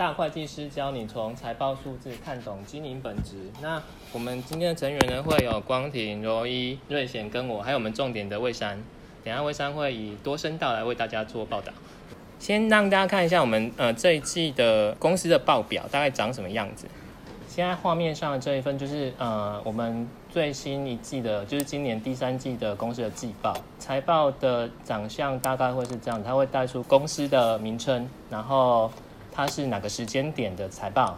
大會計師教你從財報數字看懂經營本質。那我們今天的成員呢，會有光庭、Roy、瑞賢跟我，還有我們重點的魏山。等下魏山會以多聲道來為大家做報道。先讓大家看一下我們呃這一季的公司的報表大概長什麼樣子。現在畫面上的這一份就是呃我們最新一季的，就是今年第三季的公司的季報。財報的長相大概會是這樣，它會帶出公司的名稱，然後。它是哪個時間點的財報？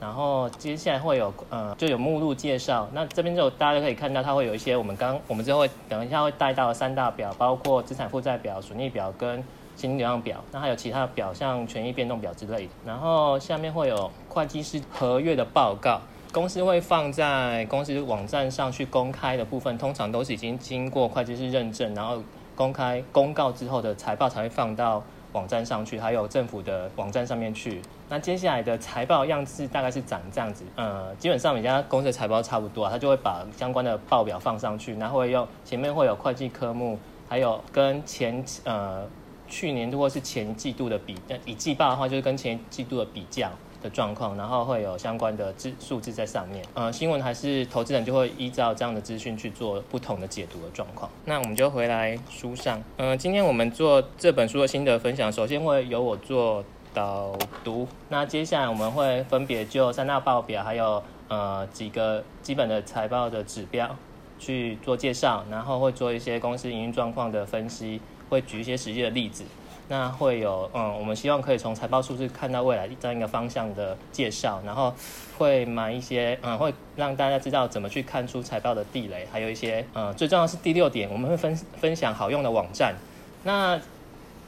然後接下來會有呃，就有目錄介紹。那這邊就大家可以看到，它會有一些我們剛我們最後等一下會帶到的三大表，包括資產負債表、損益表跟現金流量表。那還有其他的表，像權益變動表之類的。然後下面會有會計師核閱的報告，公司會放在公司網站上去公開的部分，通常都是已經經過會計師認證，然後公開公告之後的財報才會放到。網站上去，還有政府的網站上面去。那接下來的財報的樣子大概是長這樣子，呃、嗯，基本上每家公司的財報差不多，啊，它就會把相關的報表放上去，然後會有前面會有會計科目，還有跟前呃去年度或是前季度的比，呃，一季報的話就是跟前一季度的比較。的狀況，然後會有相關的字數字在上面，呃，新聞還是投資人就會依照這樣的資訊去做不同的解讀的狀況。那我們就回來書上，嗯、呃，今天我們做這本書的心得分享，首先會由我做導讀，那接下來我們會分別就三大報表，還有呃幾個基本的財報的指標去做介紹，然後會做一些公司營運狀況的分析，會舉一些實際的例子。那會有，嗯，我們希望可以從財報數字看到未來這樣一個方向的介紹，然後會買一些，嗯，會讓大家知道怎麼去看出財報的地雷，還有一些，嗯，最重要的是第六點，我們會分分，分享好用的網站。那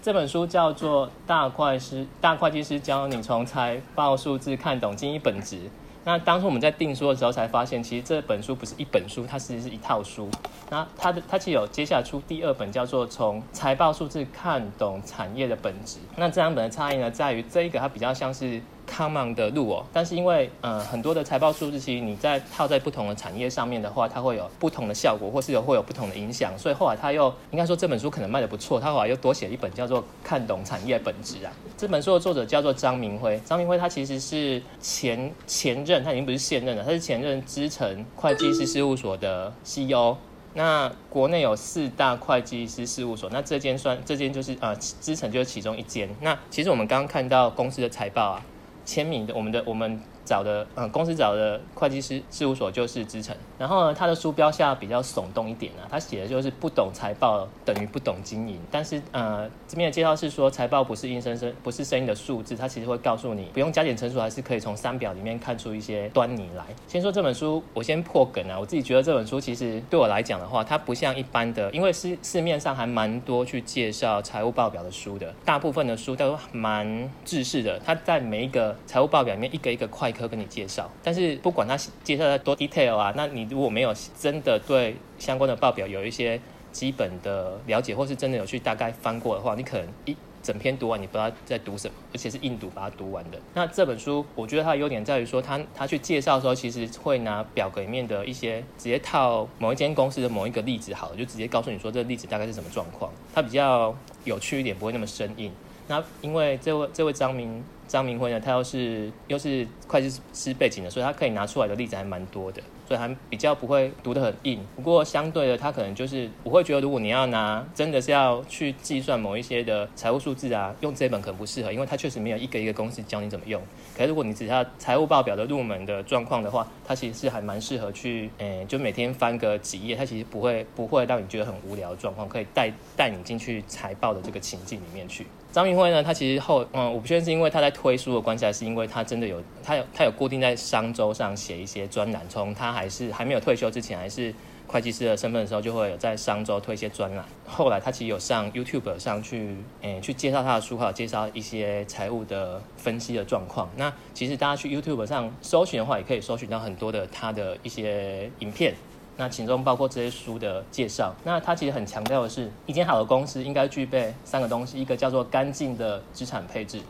這本書叫做《大會師》，大會計師教你從財報數字看懂經營本質。那當初我們在定書的時候才發現，其實這本書不是一本書，它其實是一套書。那它的它其實有接下來出第二本，叫做《從財報數字看懂產業的本質》。那這兩本的差異呢，在於這一個它比較像是，他 o 的路哦，但是因為呃很多的財報數字其實你在套在不同的產業上面的話，它會有不同的效果，或是有會有不同的影響，所以後來他又應該說這本書可能賣得不錯，他後來又多寫了一本叫做《看懂產業本質》啊。這本書的作者叫做張明輝，張明輝他其實是前前任，他已經不是現任了，他是前任資誠會計師事務所的 CEO。那國內有四大會計師事務所，那這間算這間就是呃資誠就是其中一間。那其實我們剛剛看到公司的財報啊。簽名的，我們的我們。找的嗯，公司找的會計師事務所就是資誠，然後呢，他的書標下比較聳動一點啊，他寫的就是不懂財報等於不懂經營，但是呃，這邊的介紹是說財報不是硬生生，不是生硬的數字，他其實會告訴你不用加減乘除，還是可以從三表裡面看出一些端倪來。先說這本書，我先破梗啊，我自己覺得這本書其實對我來講的話，它不像一般的，因為市市面上還蠻多去介紹財務報表的書的，大部分的書都蠻制式的，它在每一個財務報表裡面一個一個會計。可以跟你介紹，但是不管他介紹的多 detail 啊，那你如果沒有真的對相關的報表有一些基本的了解，或是真的有去大概翻過的話，你可能一整篇讀完，你不知道在讀什麼，而且是硬讀把它讀完的。那這本書，我覺得它的優點在於說，他他去介紹的時候，其實會拿表格裡面的一些直接套某一間公司的某一個例子，好了，就直接告訴你說這個例子大概是什麼狀況。它比較有趣一點，不會那麼生硬。那因為這位這位張明。張明輝呢，他又是又是會計師背景的，所以他可以拿出來的例子還蠻多的，所以還比較不會讀得很硬。不過相對的，他可能就是我會覺得，如果你要拿真的是要去計算某一些的財務數字啊，用這本可能不適合，因為他確實沒有一個一個公式教你怎麼用。可是如果你只要財務報表的入門的狀況的話，它其實是還蠻適合去，誒、欸，就每天翻個幾頁，它其實不會不會讓你覺得很無聊的狀況，可以帶帶你進去財報的這個情境裡面去。張明輝呢，他其實後，嗯，我不確定是因為他在推書的關係，還是因為他真的有，他有他有固定在商周上寫一些專欄，從他還是還沒有退休之前，還是。會計師的身份的時候，就會有在商周推一些專欄。後來他其實有上 YouTube 上去，嗯、哎，去介紹他的書，還有介紹一些財務的分析的狀況。那其實大家去 YouTube 上搜尋的話，也可以搜尋到很多的他的一些影片。那其中包括這些書的介紹。那他其實很強調的是，一間好的公司應該具備三個東西：一個叫做乾淨的資產配置，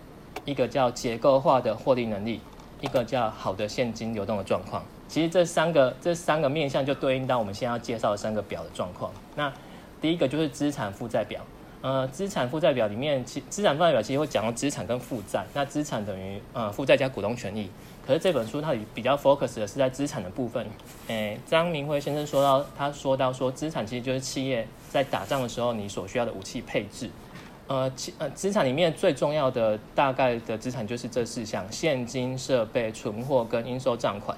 一個叫結構化的獲利能力，一個叫好的現金流動的狀況。其實這三個這三個面向就對應到我們現在要介紹的三個表的狀況。那第一個就是資產負債表，呃，資產負債表裡面，其資產負債表其實會講到資產跟負債。那資產等於呃負債加股東權益。可是這本書它比較 focus 的是在資產的部分。誒，張明輝先生說到，他說到說資產其實就是企業在打仗的時候，你所需要的武器配置。呃，其呃資產裡面最重要的大概的資產就是這四項：現金、設備、存貨跟應收賬款。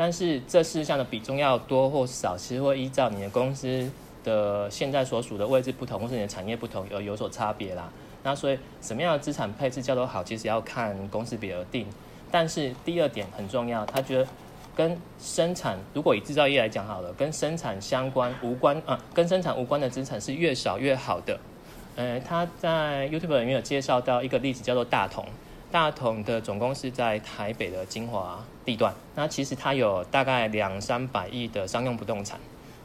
但是這四項的比重要多或少，其實會依照你的公司的現在所處的位置不同，或是你的產業不同而有所差別啦。那所以什麼樣的資產配置叫做好，其實要看公司別而定。但是第二點很重要，他覺得跟生產，如果以製造業來講好了，跟生產相關無關啊，跟生產無關的資產是越少越好的。呃，他在 YouTube 裡面有介紹到一個例子叫做大同，大同的總公司在台北的金華地段，那其實它有大概兩三百億的商用不動產，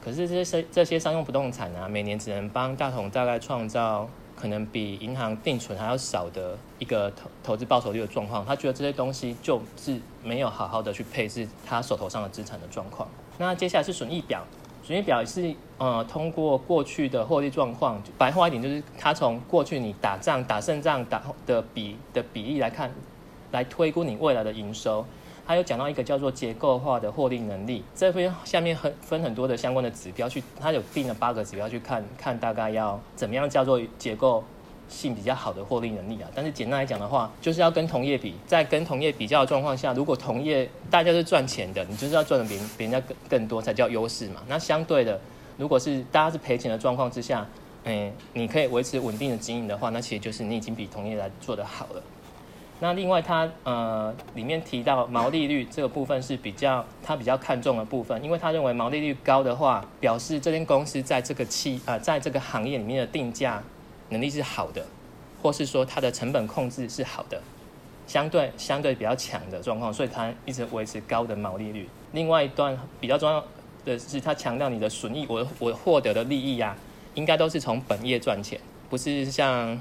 可是這些這些商用不動產啊，每年只能幫大同大概創造可能比銀行定存還要少的一個投投資報酬率的狀況。他覺得這些東西就是沒有好好的去配置他手頭上的資產的狀況。那接下來是損益表，損益表是呃通過過去的獲利狀況，白話一點就是，他從過去你打仗打勝仗打的比的比例來看，來推估你未來的營收。他有講到一個叫做結構化的獲利能力，這邊下面很分很多的相關的指標去，它有定了八個指標去看看大概要怎麼樣叫做結構性比較好的獲利能力啊。但是簡單來講的話，就是要跟同業比，在跟同業比較的狀況下，如果同業大家是賺錢的，你就是要賺的比別，別人家更更多才叫優勢嘛。那相對的，如果是大家是賠錢的狀況之下，嗯、呃，你可以維持穩定的經營的話，那其實就是你已經比同業來做得好了。那另外他，它呃裡面提到毛利率這個部分是比較他比較看重的部分，因為他認為毛利率高的話，表示這間公司在這個期啊、呃、在這個行業裡面的定價能力是好的，或是說它的成本控制是好的，相對相對比較強的狀況，所以它一直維持高的毛利率。另外一段比較重要的是，它強調你的損益，我我獲得的利益啊，應該都是從本業賺錢，不是像。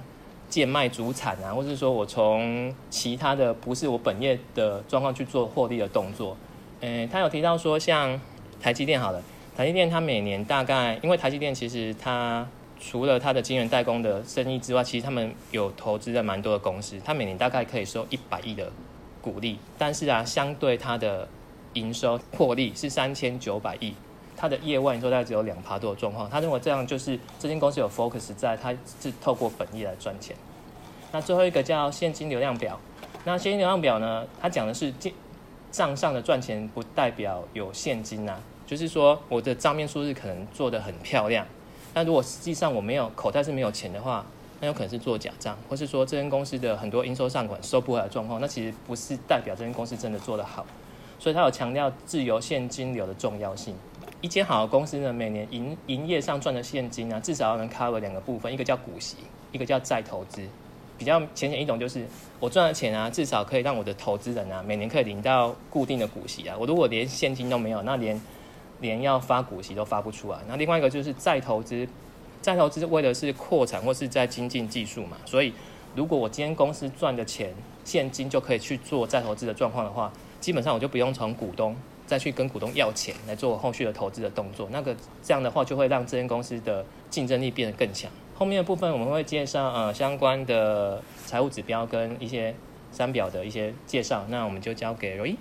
賤賣主產啊，或是說我從其他的不是我本業的狀況去做獲利的動作。嗯、欸，他有提到說，像台積電好了，台積電他每年大概，因為台積電其實他除了他的晶圓代工的生意之外，其實他們有投資在蠻多的公司，他每年大概可以收一百億的股利，但是啊，相對它的營收獲利是三千九百億，他的業外營收大概只有兩趴多的狀況。他認為這樣就是這間公司有 focus 在，它是透過本業來賺錢。那最後一個叫現金流量表。那現金流量表呢？它講的是賬上的賺錢不代表有現金啊。就是說，我的賬面數字可能做得很漂亮，但如果實際上我沒有口袋是沒有錢的話，那有可能是做假賬，或是說這間公司的很多應收賬款收不回來狀況，那其實不是代表這間公司真的做得好。所以，他有強調自由現金流的重要性。一間好的公司呢，每年營營業上賺的現金啊，至少要能 cover 兩個部分，一個叫股息，一個叫再投資。比較淺顯一種就是，我賺的錢啊，至少可以讓我的投資人啊，每年可以領到固定的股息啊。我如果連現金都沒有，那連連要發股息都發不出來。那另外一個就是再投資，再投資為的是擴產、或是在精進技術嘛。所以如果我今天公司賺的錢現金就可以去做再投資的狀況的話，基本上我就不用從股東再去跟股東要錢來做我後續的投資的動作。那個這樣的話就會讓這間公司的競爭力變得更強。後面的部分我們會介紹呃相關的財務指標跟一些三表的一些介紹，那我們就交給 Roy。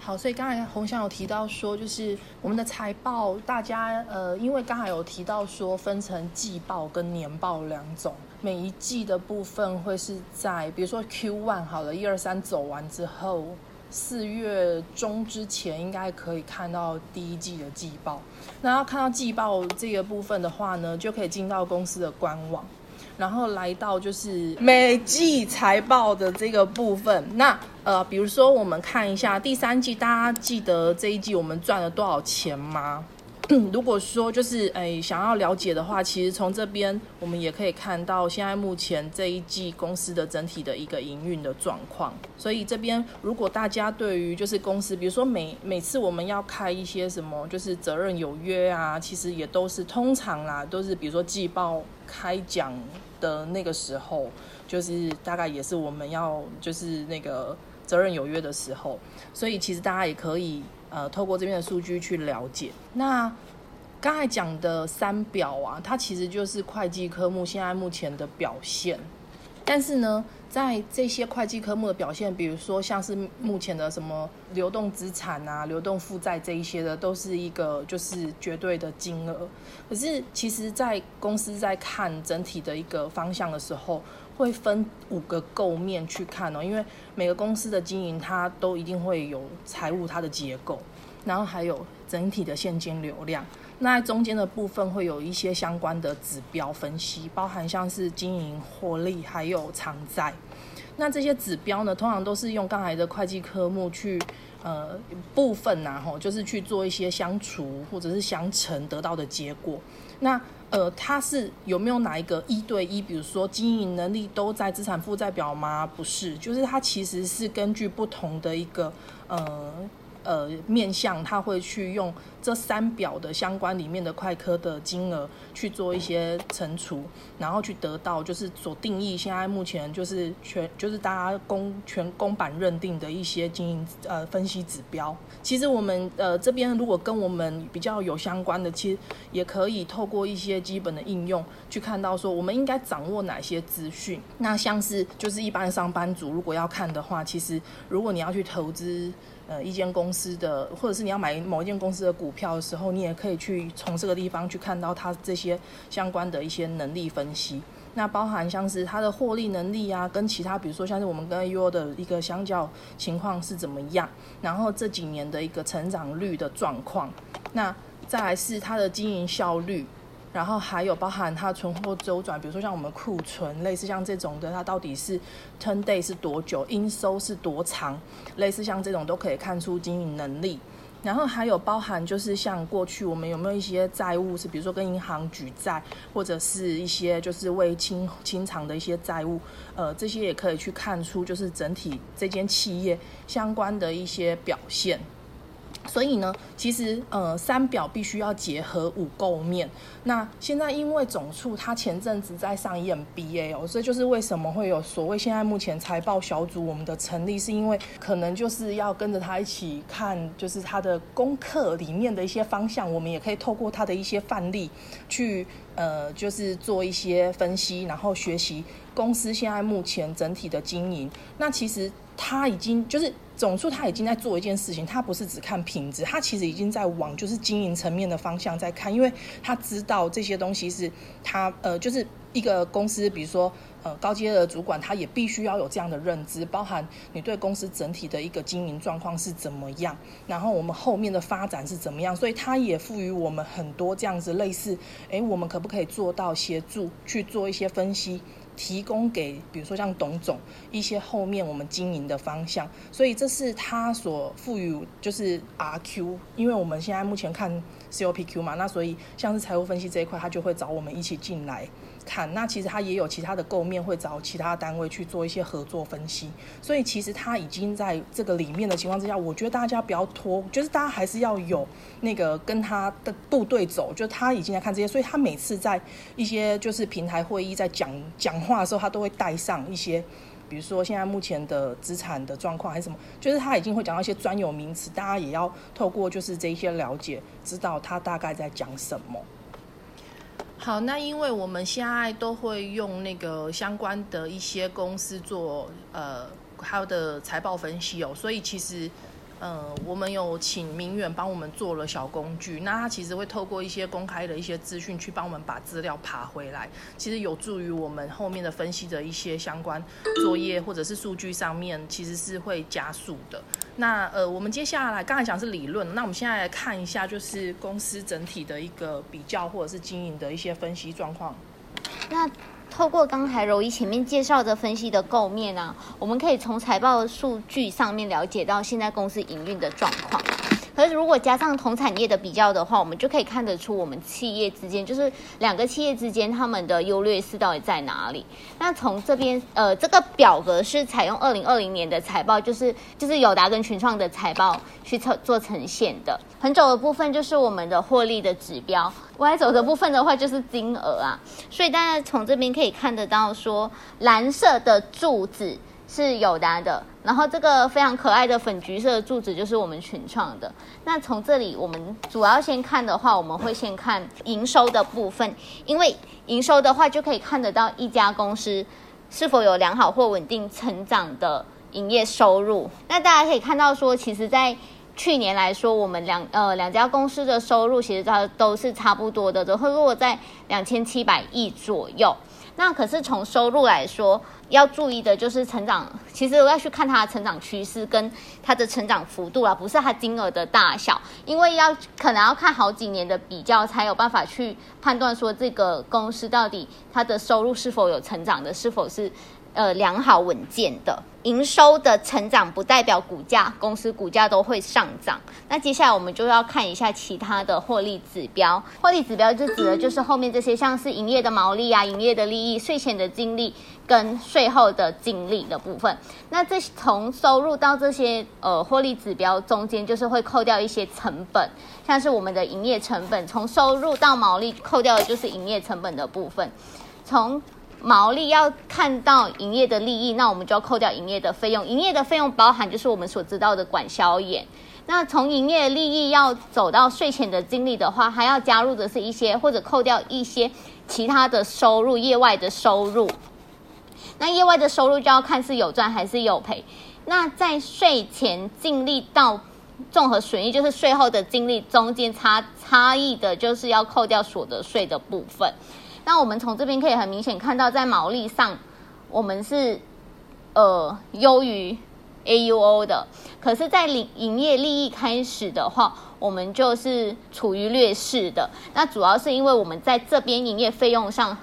好，所以剛才洪翔有提到說，就是我們的財報大家呃，因為剛才有提到說分成季報跟年報兩種，每一季的部分會是在比如說 Q1 好了，一二三走完之後。四月中之前應該可以看到第一季的季報。那要看到季報這個部分的話呢，就可以進到公司的官網，然後來到就是每季財報的這個部分。那呃，比如說我們看一下第三季，大家記得這一季我們賺了多少錢嗎？如果說就是誒、哎、想要了解的話，其實從這邊我們也可以看到，現在目前這一季公司的整體的一個營運的狀況。所以這邊如果大家對於就是公司，比如說每每次我們要開一些什麼，就是責任有約啊，其實也都是通常啦，都是比如說季報開獎的那個時候，就是大概也是我們要就是那個責任有約的時候。所以其實大家也可以。呃，透過這邊的數據去了解。那剛才講的三表啊，它其實就是會計科目現在目前的表現。但是呢，在這些會計科目的表現，比如說像是目前的什麼流動資產啊、流動負債這一些的，都是一個就是絕對的金額。可是其實在公司在看整體的一個方向的時候，會分五個構面去看哦，因為每個公司的經營，它都一定會有財務它的結構，然後還有整體的現金流量。那在中間的部分會有一些相關的指標分析，包含像是經營獲利，還有償債。那這些指標呢，通常都是用剛才的會計科目去，呃，部分然後，就是去做一些相除或者是相乘得到的結果。那呃，它是有沒有哪一個一對一，比如說，經營能力都在資產負債表嗎？不是，就是它其實是根據不同的一個，呃。呃，面向他會去用這三表的相關裡面的快科的金額去做一些乘除，然後去得到就是所定義現在目前就是全就是大家公全公版認定的一些經營呃分析指標。其實我們呃這邊如果跟我們比較有相關的，其實也可以透過一些基本的應用去看到說我們應該掌握哪些資訊。那像是就是一般上班族如果要看的話，其實如果你要去投資。呃，一間公司的，或者是你要買一某一間公司的股票的時候，你也可以去從這個地方去看到它這些相關的一些能力分析。那包含像是它的獲利能力啊，跟其他，比如說像是我們跟 AU 的一個相較情況是怎麼樣，然後這幾年的一個成長率的狀況，那再來是它的經營效率。然後還有包含它存貨周轉，比如說像我們庫存，類似像這種的，它到底是 turn day 是多久，應收是多長，類似像這種都可以看出經營能力。然後還有包含就是像過去我們有沒有一些債務是，比如說跟銀行舉債，或者是一些就是未清清償的一些債務，呃，這些也可以去看出就是整體這間企業相關的一些表現。所以呢，其實呃，三表必須要結合五構面。那現在因為總處他前陣子在上 EMBA 哦，所以就是為什麼會有所謂現在目前財報小組我們的成立，是因為可能就是要跟着他一起看，就是他的功課裡面的一些方向，我們也可以透過他的一些範例去呃，就是做一些分析，然後學習。公司現在目前整體的經營，那其實他已經就是總數，他已經在做一件事情，他不是只看品質，他其實已經在往就是經營層面的方向在看，因為他知道這些東西是他呃就是一個公司，比如說呃高階的主管，他也必須要有這樣的認知，包含你對公司整體的一個經營狀況是怎麼樣，然後我們後面的發展是怎麼樣，所以他也賦予我們很多這樣子類似，誒，我們可不可以做到協助去做一些分析？提供給比如說像董總一些後面我們經營的方向，所以這是他所賦予就是 RQ，因為我們現在目前看 COPQ 嘛，那所以像是財務分析這一塊，他就會找我們一起進來。看，那其實他也有其他的構面，會找其他單位去做一些合作分析。所以其實他已經在這個裡面的情況之下，我覺得大家不要拖，就是大家還是要有那個跟他的部隊走。就他已經在看這些，所以他每次在一些就是平台會議在講講話的時候，他都會帶上一些，比如說現在目前的資產的狀況還是什麼，就是他已經會講到一些專有名詞，大家也要透過就是這一些了解，知道他大概在講什麼。好，那因為我們現在都會用那個相關的一些公司做呃，它的財報分析哦，所以其實。呃，我們有請明遠幫我們做了小工具，那他其實會透過一些公開的一些資訊去幫我們把資料爬回來，其實有助於我們後面的分析的一些相關作業或者是數據上面，其實是會加速的。那呃，我們接下來剛才講是理論，那我們現在來看一下，就是公司整體的一個比較或者是經營的一些分析狀況。那透過剛才柔儀前面介紹的分析的構面啊，我們可以從財報數據上面了解到現在公司營運的狀況。可是，如果加上同產業的比較的話，我們就可以看得出，我們企業之間就是兩個企業之間，他們的優劣勢到底在哪裡？那從這邊，呃，這個表格是採用二零二零年的財報，就是就是友達跟群創的財報去做做呈現的。橫軸的部分就是我們的獲利的指標，Y 軸的部分的話就是金額啊。所以大家從這邊可以看得到，說藍色的柱子。是有的，然後這個非常可愛的粉橘色的柱子就是我們群創的。那從這裡我們主要先看的話，我們會先看營收的部分，因為營收的話就可以看得到一家公司是否有良好或穩定成長的營業收入。那大家可以看到說，其實，在去年來說，我們兩呃兩家公司的收入其實它都是差不多的，都會落在兩千七百億左右。那可是，從收入來說，要注意的就是成長。其實我要去看它的成長趨勢跟它的成長幅度啦，不是它金額的大小，因為要可能要看好幾年的比較，才有辦法去判斷說這個公司到底它的收入是否有成長的，是否是。呃，良好穩健的營收的成長不代表股價，公司股價都會上漲。那接下來我們就要看一下其他的獲利指標。獲利指標就指的，就是後面這些像是營業的毛利啊、營業的利益、稅前的淨利跟稅後的淨利的部分。那這從收入到這些呃獲利指標中間，就是會扣掉一些成本，像是我們的營業成本，從收入到毛利扣掉的就是營業成本的部分，從。毛利要看到營業的利益，那我們就要扣掉營業的費用。營業的費用包含就是我們所知道的管銷研。那從營業利益要走到稅前的淨利的話，還要加入的是一些或者扣掉一些其他的收入，業外的收入。那業外的收入就要看是有賺還是有賠。那在稅前淨利到綜合損益，就是稅後的淨利中間差差異的，就是要扣掉所得稅的部分。那我們從這邊可以很明顯看到，在毛利上，我們是呃優於 A U O 的，可是，在營營業利益開始的話，我們就是處於劣勢的。那主要是因為我們在這邊營業費用上，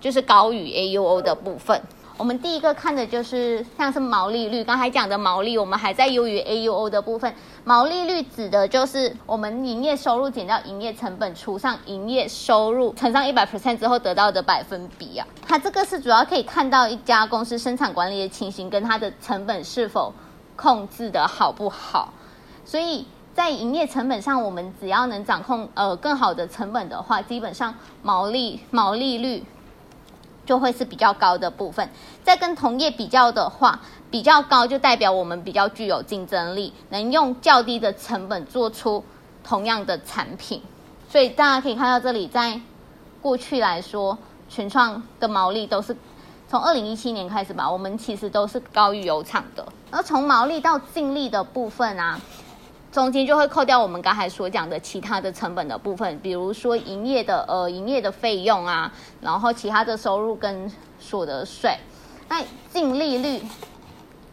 就是高於 A U O 的部分。我們第一個看的就是像是毛利率，剛才講的毛利，我們還在優於 AUO 的部分。毛利率指的就是我們營業收入減掉營業成本，除上營業收入乘上一百 percent 之後得到的百分比啊。它這個是主要可以看到一家公司生產管理的情形跟它的成本是否控制的好不好。所以在營業成本上，我們只要能掌控呃更好的成本的話，基本上毛利毛利率。就會是比較高的部分，在跟同業比較的話，比較高就代表我們比較具有競爭力，能用較低的成本做出同樣的產品。所以大家可以看到這裡，在過去來說，群創的毛利都是從二零一七年開始吧，我們其實都是高於友廠的。而從毛利到淨利的部分啊。中間就會扣掉我們剛才所講的其他的成本的部分，比如說營業的呃營業的費用啊，然後其他的收入跟所得稅。那淨利率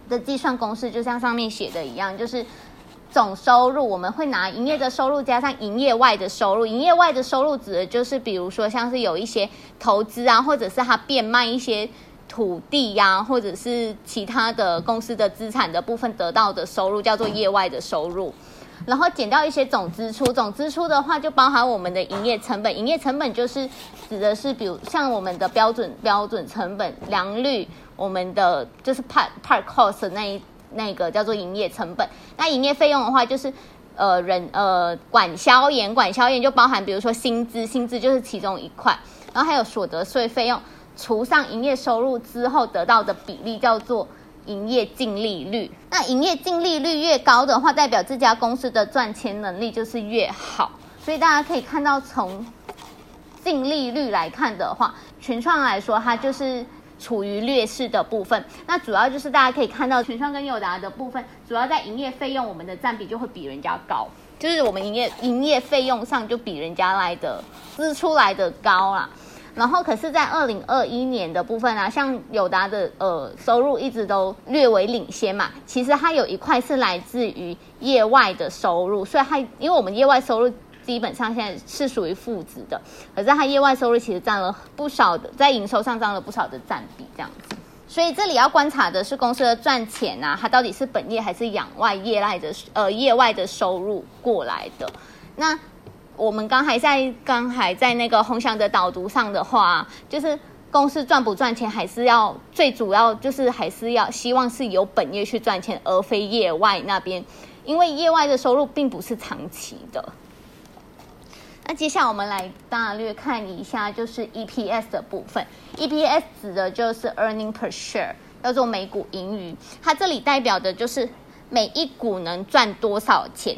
的計算公式就像上面寫的一樣，就是總收入我們會拿營業的收入加上營業外的收入，營業外的收入指的就是比如說像是有一些投資啊，或者是它變賣一些。土地呀、啊，或者是其他的公司的資產的部分得到的收入叫做業外的收入，然後減掉一些總支出。總支出的話就包含我們的營業成本，營業成本就是指的是比如像我們的標準標準成本良率，我們的就是 part part cost 的那一那一個叫做營業成本。那營業費用的話就是呃人呃管銷研，管銷研就包含比如說薪資，薪資就是其中一塊，然後還有所得稅費用。除上營業收入，之後得到的比例叫做營業淨利率。那營業淨利率越高的話，代表這家公司的賺錢能力就是越好。所以大家可以看到，從淨利率來看的話，群創來說它就是處於劣勢的部分。那主要就是大家可以看到，群創跟友達的部分，主要在營業費用，我們的佔比就會比人家高，就是我們營業營業費用上就比人家來的支出來的高啦。然後，可是，在二零二一年的部分啊，像友達的呃收入一直都略為領先嘛。其實它有一塊是來自於業外的收入，所以它因為我們業外收入基本上現在是屬於負值的，可是它業外收入其實佔了不少的，在營收上佔了不少的佔比這樣子。所以這裡要觀察的是公司的賺錢啊，它到底是本業還是仰賴業外的呃業外的收入過來的，那。我們剛還在剛還在那個鴻翔的導讀上的話，就是公司賺不賺錢，還是要最主要就是還是要希望是由本業去賺錢，而非業外那邊，因為業外的收入並不是長期的。那接下來我們來大略看一下，就是 EPS 的部分，EPS 指的就是 Earning Per Share，叫做每股盈餘，它這裡代表的就是每一股能賺多少錢。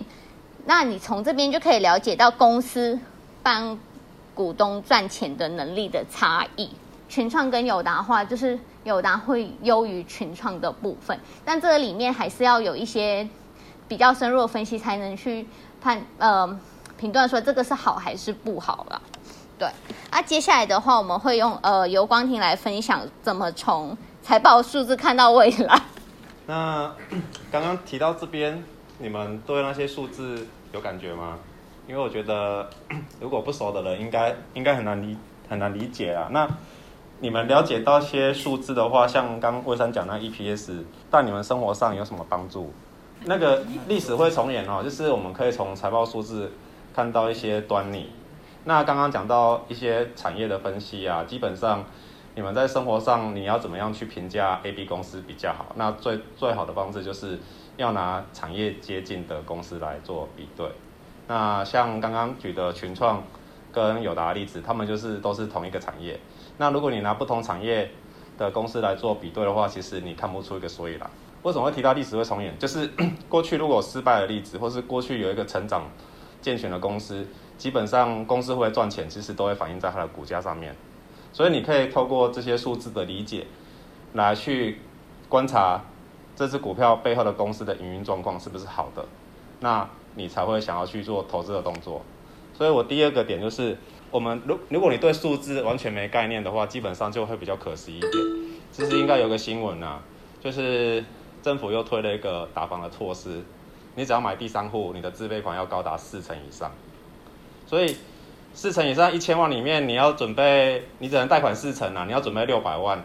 那你從這邊就可以了解到公司幫股東賺錢的能力的差異。群創跟友達的話，就是友達會優於群創的部分，但這裡面還是要有一些比較深入的分析，才能去判呃評斷說這個是好還是不好啦。對，啊，接下來的話我們會用呃游光庭來分享怎麼從財報數字看到未來。那剛剛提到這邊，你們對那些數字？有感覺嗎？因為我覺得，如果不熟的人應該，應該應該很難理很難理解啊。那你們了解到一些數字的話，像剛魏生講那 EPS，但你們生活上有什麼幫助？那個歷史會重演哦、啊，就是我們可以從財報數字看到一些端倪。那剛剛講到一些產業的分析啊，基本上你們在生活上你要怎麼樣去評價 A、B 公司比較好？那最最好的方式就是。要拿產業接近的公司來做比對，那像剛剛舉的群創跟友達的例子，他們就是都是同一個產業。那如果你拿不同產業的公司來做比對的話，其實你看不出一個所以然。為什麼會提到歷史會重演？就是過去如果失敗的例子，或是過去有一個成長健全的公司，基本上公司會賺錢，其實都會反映在它的股價上面。所以你可以透過這些數字的理解，來去觀察。這隻股票背後的公司的營運狀況是不是好的？那你才會想要去做投資的動作。所以我第二個點就是，我們如如果你對數字完全沒概念的話，基本上就會比較可惜一點。其實應該有個新聞啊，就是政府又推了一個打房的措施，你只要買第三戶，你的自備款要高達四成以上。所以四成以上一千萬裡面，你要準備，你只能貸款四成啊，你要準備六百萬。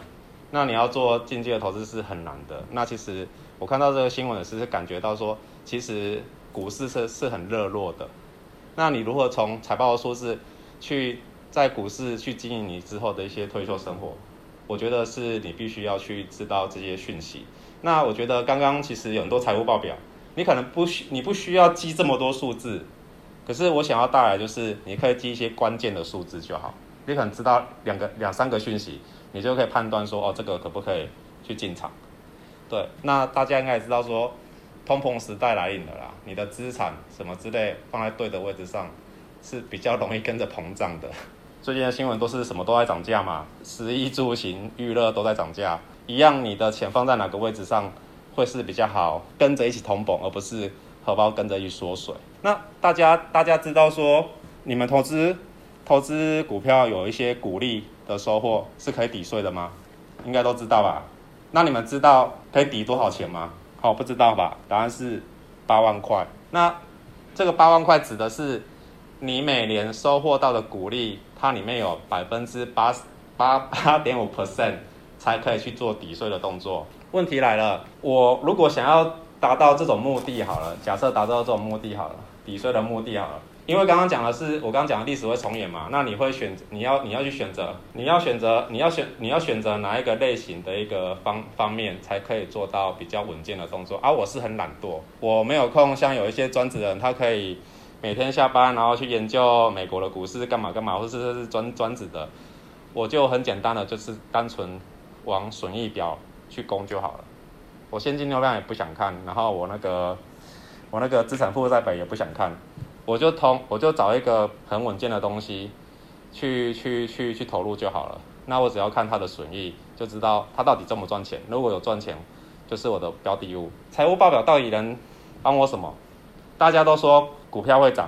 那你要做進階的投資是很難的。那其實我看到這個新聞的時候，感覺到說，其實股市是是很熱絡的。那你如何從財報的數字去在股市去經營你之後的一些退休生活？我覺得是你必須要去知道這些訊息。那我覺得剛剛其實有很多財務報表，你可能不需你不需要記這麼多數字，可是我想要帶來就是你可以記一些關鍵的數字就好，你可能知道兩個兩三個訊息。你就可以判斷說，哦，這個可不可以去進場？對，那大家應該也知道說，通膨時代來臨了啦，你的資產什麼之類，放在對的位置上，是比較容易跟着膨脹的。最近的新聞都是什麼都在漲價嘛，食衣住行、娛樂都在漲價，一樣你的錢放在哪個位置上會是比較好，跟着一起通膨，而不是荷包跟着一起縮水。那大家大家知道說，你們投資投資股票有一些鼓勵，的收穫是可以抵稅的嗎？應該都知道吧？那你們知道可以抵多少錢嗎？好、哦，不知道吧？答案是八萬塊。那這個八萬塊指的是你每年收穫到的股利，它裡面有百分之八十八八點五 percent 才可以去做抵稅的動作。問題來了，我如果想要。達到這種目的好了，假設達到這種目的好了，抵稅的目的好了，因為剛剛講的是我剛剛講的歷史會重演嘛，那你會選，你要你要去選擇，你要選擇你要選你要選擇哪一個類型的一個方方面才可以做到比較穩健的動作啊？我是很懶惰，我沒有空，像有一些專職人他可以每天下班然後去研究美國的股市幹嘛幹嘛，或者是專專職的，我就很簡單的就是單純往損益表去攻就好了。我現金流量也不想看，然後我那個我那個資產負債表也不想看，我就通我就找一個很穩健的東西，去去去去投入就好了。那我只要看它的損益，就知道它到底賺不賺錢。如果有賺錢，就是我的標的物。財務報表到底能幫我什麼？大家都說股票會漲，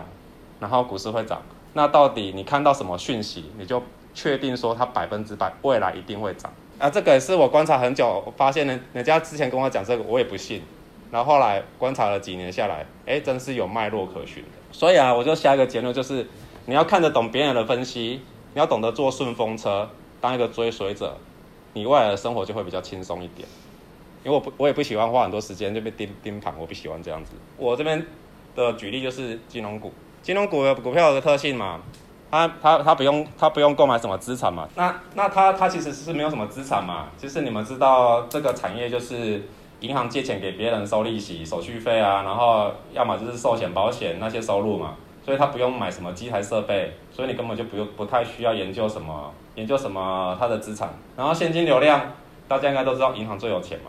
然後股市會漲，那到底你看到什麼訊息，你就確定說它百分之百未來一定會漲？啊，這個也是我觀察很久，我發現人人家之前跟我講這個，我也不信，然後後來觀察了幾年下來，哎，真是有脈絡可循。所以啊，我就下一個結論，就是你要看得懂別人的分析，你要懂得坐順風車，當一個追隨者，你未來的生活就會比較輕鬆一點。因為我不，我也不喜歡花很多時間就被盯盯盤，我不喜歡這樣子。我這邊的舉例就是金融股，金融股的股票的特性嘛。他他他不用他不用購買什麼資產嘛。那那他他其實是沒有什麼資產嘛。其實你們知道這個產業就是銀行借錢給別人收利息、手續費啊，然後要麼就是壽險、保險那些收入嘛。所以他不用買什麼機台設備，所以你根本就不用不太需要研究什麼研究什麼他的資產。然後現金流量，大家應該都知道銀行最有錢嘛，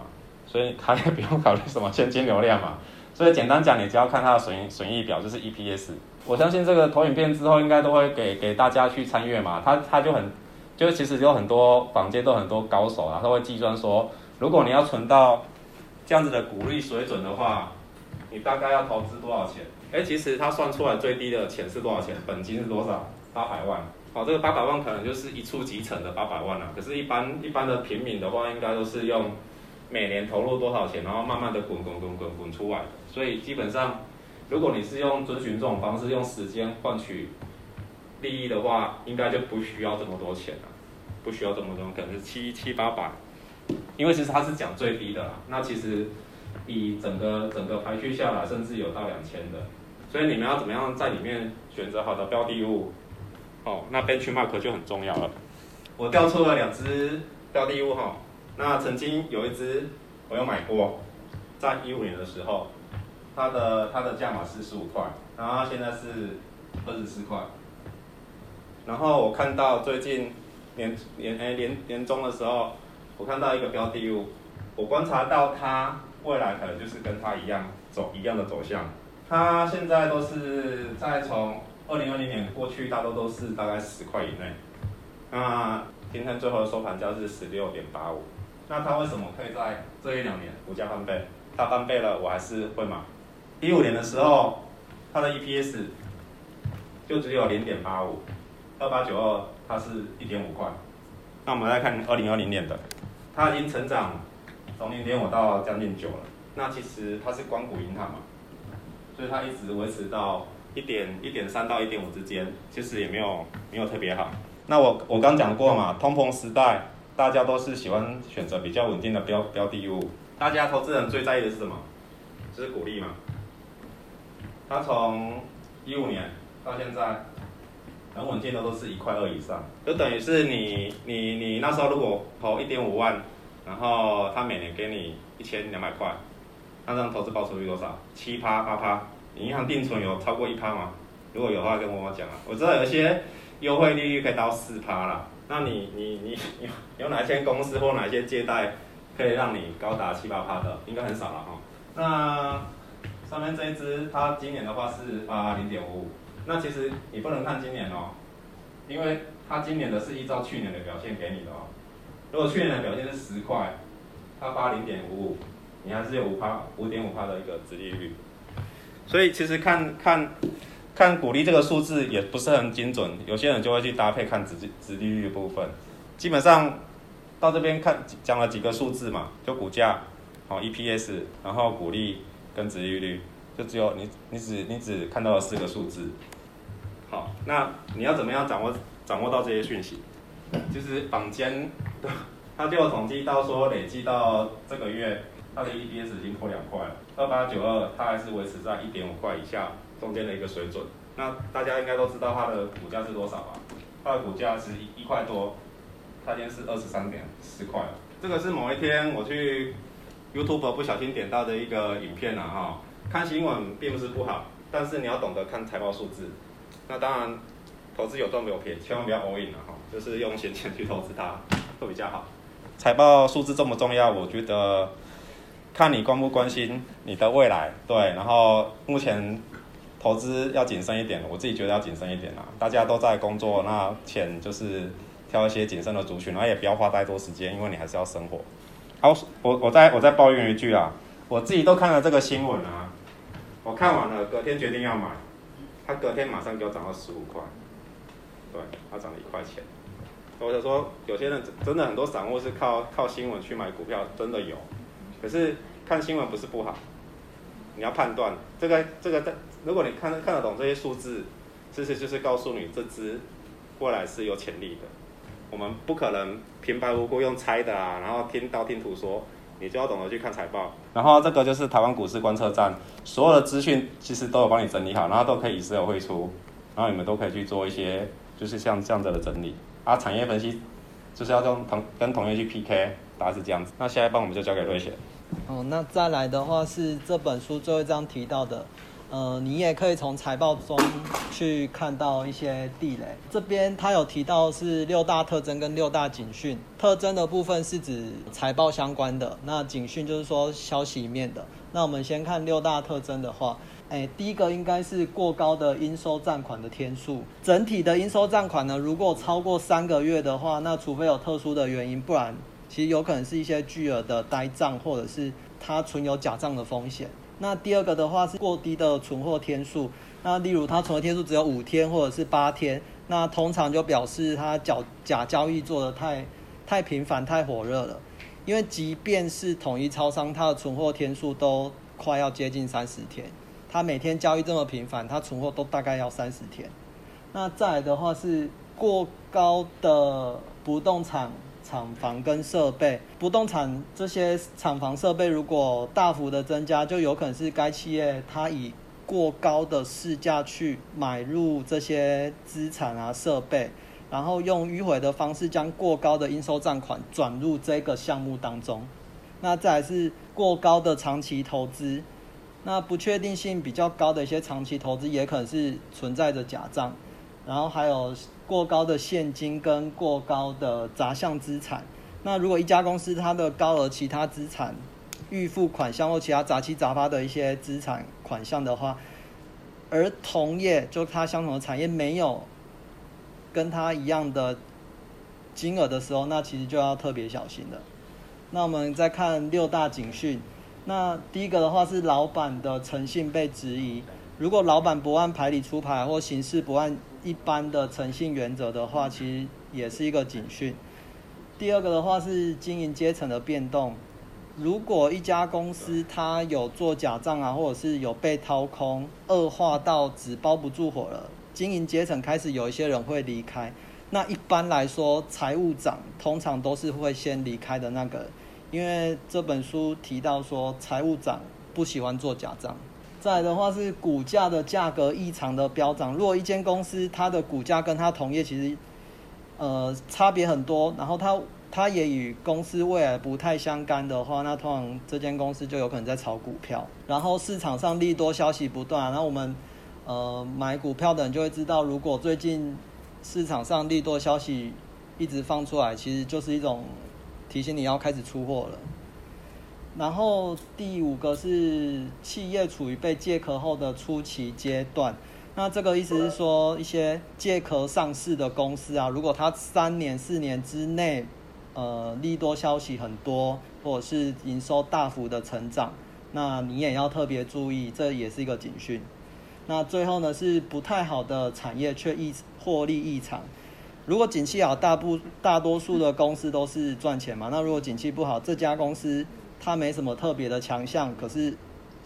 所以他也不用考慮什麼現金流量嘛。所以簡單講，你只要看他的損損益表，就是 EPS。我相信這個投影片之後應該都會給給大家去參閱嘛，他他就很，就其實有很多坊間都很多高手啊，他會計算說，如果你要存到這樣子的股利水準的話，你大概要投資多少錢？哎、欸，其實他算出來最低的錢是多少錢？本金是多少？八百萬。哦，這個八百萬可能就是一觸即成的八百萬啦，可是，一般一般的平民的話，應該都是用每年投入多少錢，然後慢慢的滾滾滾滾滾出來，所以基本上。如果你是用遵循這種方式用時間換取利益的話，應該就不需要這麼多錢了啊，不需要這麼多，可能是七七八百，因為其實它是講最低的啦。那其實以整個整個排序下來，甚至有到兩千的，所以你們要怎麼樣在裡面選擇好的標的物？哦，那 benchmark 就很重要了。我調出了兩隻標的物哈，那曾經有一隻我有買過，在一五年的時候。它的它的價碼是十五塊，然後現在是二十四塊。然後我看到最近年年、欸、年年中的時候，我看到一個標的物，我觀察到它未來可能就是跟它一樣走一樣的走向。它現在都是在從二零二零年過去，大多都是大概十塊以內。那今天最後的收盤價是十六點八五。那它為什麼可以在這一兩年股價翻倍？它翻倍了，我還是會買。一五年的時候，它的 EPS 就只有零點八五，二八九二它是一點五塊。那我們來看二零二零年的，它已經成長從零點五到將近九了。那其實它是光谷銀行嘛，所以它一直維持到一點一點三到一點五之間，其實也沒有沒有特別好。那我我剛講過嘛，嗯、通膨時代大家都是喜歡選擇比較穩定的標標的物。大家投資人最在意的是什麼？就是股利嘛。他從一五年到現在，很穩定的都是一塊二以上，就等於是你你你那時候如果投一點五萬，然後他每年給你一千兩百塊，他讓投資報酬率多少？七趴八趴？你銀行定存有超過一趴嗎？如果有的話跟我講啊，我知道有些優惠利率可以到四趴啦。那你你你有有哪些公司或哪些借貸可以讓你高達七八趴的？應該很少了哈。那。上面這一支，它今年的話是發零點五五。那其實你不能看今年哦、喔，因為它今年的是依照去年的表現給你的哦、喔。如果去年的表現是十塊，它發零點五五，你還是有五趴五點五趴的一個殖利率。所以其實看看看股利這個數字也不是很精準，有些人就會去搭配看殖殖利率的部分。基本上到這邊看講了幾個數字嘛，就股價哦、喔、EPS，然後股利。跟折溢率，就只有你，你只你只看到了四個數字。好，那你要怎麼樣掌握掌握到這些訊息？就是坊間的，他就有統計到說，累計到這個月，它的 EPS 已經破兩塊了，二八九二，它還是維持在一點五塊以下中間的一個水準。那大家應該都知道它的股價是多少吧？它的股價是一一塊多，它今天是二十三點四塊。這個是某一天我去。YouTube 不小心點到的一個影片啦，哈，看新聞並不是不好，但是你要懂得看財報數字。那當然，投資有賺沒有賠，千萬不要 all in 了，哈，就是用閒錢去投資它會比較好。財報數字這麼重要，我覺得看你關不關心你的未來，對，然後目前投資要謹慎一點，我自己覺得要謹慎一點啊，大家都在工作，那錢就是挑一些謹慎的族群，然後也不要花太多時間，因為你還是要生活。好、啊，我我再我再抱怨一句啊，我自己都看了這個新聞啊，我看完了，隔天決定要買，他隔天馬上給我漲到十五塊，對，他漲了一塊錢。我想說，有些人真的很多散戶是靠靠新聞去買股票，真的有。可是看新聞不是不好，你要判斷，這個這個如果你看看得懂這些數字，其實就是告訴你這支未來是有潛力的。我們不可能平白無故用猜的啊，然後聽道聽途說，你就要懂得去看財報。然後這個就是台灣股市觀測站，所有的資訊其實都有幫你整理好，然後都可以自由匯出，然後你們都可以去做一些就是像這樣子的整理啊。產業分析就是要跟同跟同業去 PK，大致這樣子。那下一棒我們就交給瑞雪。哦，那再來的話是這本書最後一章提到的。呃，你也可以從財報中去看到一些地雷。這邊他有提到是六大特徵跟六大警訊。特徵的部分是指財報相關的，那警訊就是說消息面的。那我們先看六大特徵的話，哎、欸，第一個應該是過高的應收賬款的天數。整體的應收賬款呢，如果超過三個月的話，那除非有特殊的原因，不然其實有可能是一些巨額的呆賬，或者是它存有假賬的風險。那第二個的話是過低的存貨天數，那例如它存貨天數只有五天或者是八天，那通常就表示它假，假交易做得太太頻繁，太火熱了，因為即便是統一超商，它的存貨天數都快要接近三十天，它每天交易這麼頻繁，它存貨都大概要三十天。那再來的話是過高的不動產。廠房跟設備，不動產這些廠房設備如果大幅的增加，就有可能是該企業它以過高的市價去買入這些資產啊設備，然後用迂迴的方式將過高的應收賬款轉入這個項目當中。那再來是過高的長期投資，那不確定性比較高的一些長期投資也可能是存在着假賬。然後還有過高的現金跟過高的雜項資產。那如果一家公司它的高額其他資產、預付款項或其他雜七雜八的一些資產款項的話，而同業就它相同的產業沒有跟它一樣的金額的時候，那其實就要特別小心了。那我們再看六大警訊，那第一個的話是老板的誠信被質疑，如果老板不按牌理出牌或行事不按。一般的誠信原則的話，其實也是一個警訊。第二個的話是經營階層的變動。如果一家公司它有做假賬啊，或者是有被掏空，惡化到紙包不住火了，經營階層開始有一些人會離開。那一般來說，財務長通常都是會先離開的那個，因為這本書提到說，財務長不喜歡做假賬。再來的話是股價的價格異常的飆漲。如果一間公司它的股價跟它同業其實，呃，差別很多，然後它它也與公司未來不太相干的話，那通常這間公司就有可能在炒股票。然後市場上利多消息不斷，然後我們呃買股票的人就會知道，如果最近市場上利多消息一直放出來，其實就是一種提醒你要開始出貨了。然後第五個是企業處於被借殼後的初期階段，那這個意思是說，一些借殼上市的公司啊，如果它三年四年之內，呃，利多消息很多，或者是營收大幅的成長，那你也要特別注意，這也是一個警訊。那最後呢，是不太好的產業卻異獲利異常。如果景氣好，大部大多數的公司都是賺錢嘛，那如果景氣不好，這家公司。它沒什麼特別的強項，可是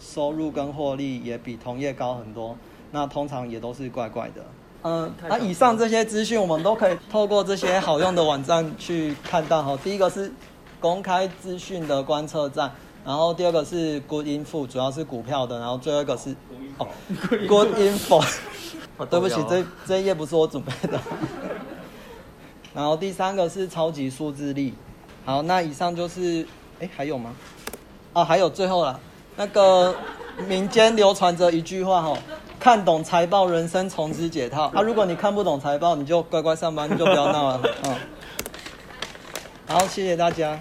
收入跟獲利也比同業高很多。那通常也都是怪怪的。嗯，那、啊、以上這些資訊我們都可以透過這些好用的網站去看到哈。第一個是公開資訊的觀測站，然後第二個是 Good Info，主要是股票的，然後最後一個是好哦，Good Info。對不起，這這一頁不是我準備的。然後第三個是超級數字力。好，那以上就是。哎、欸，還有嗎？啊，還有最後了。那個民間流傳着一句話哦，看懂財報，人生從此解套。啊，如果你看不懂財報，你就乖乖上班，你就不要鬧了。嗯，好，謝謝大家。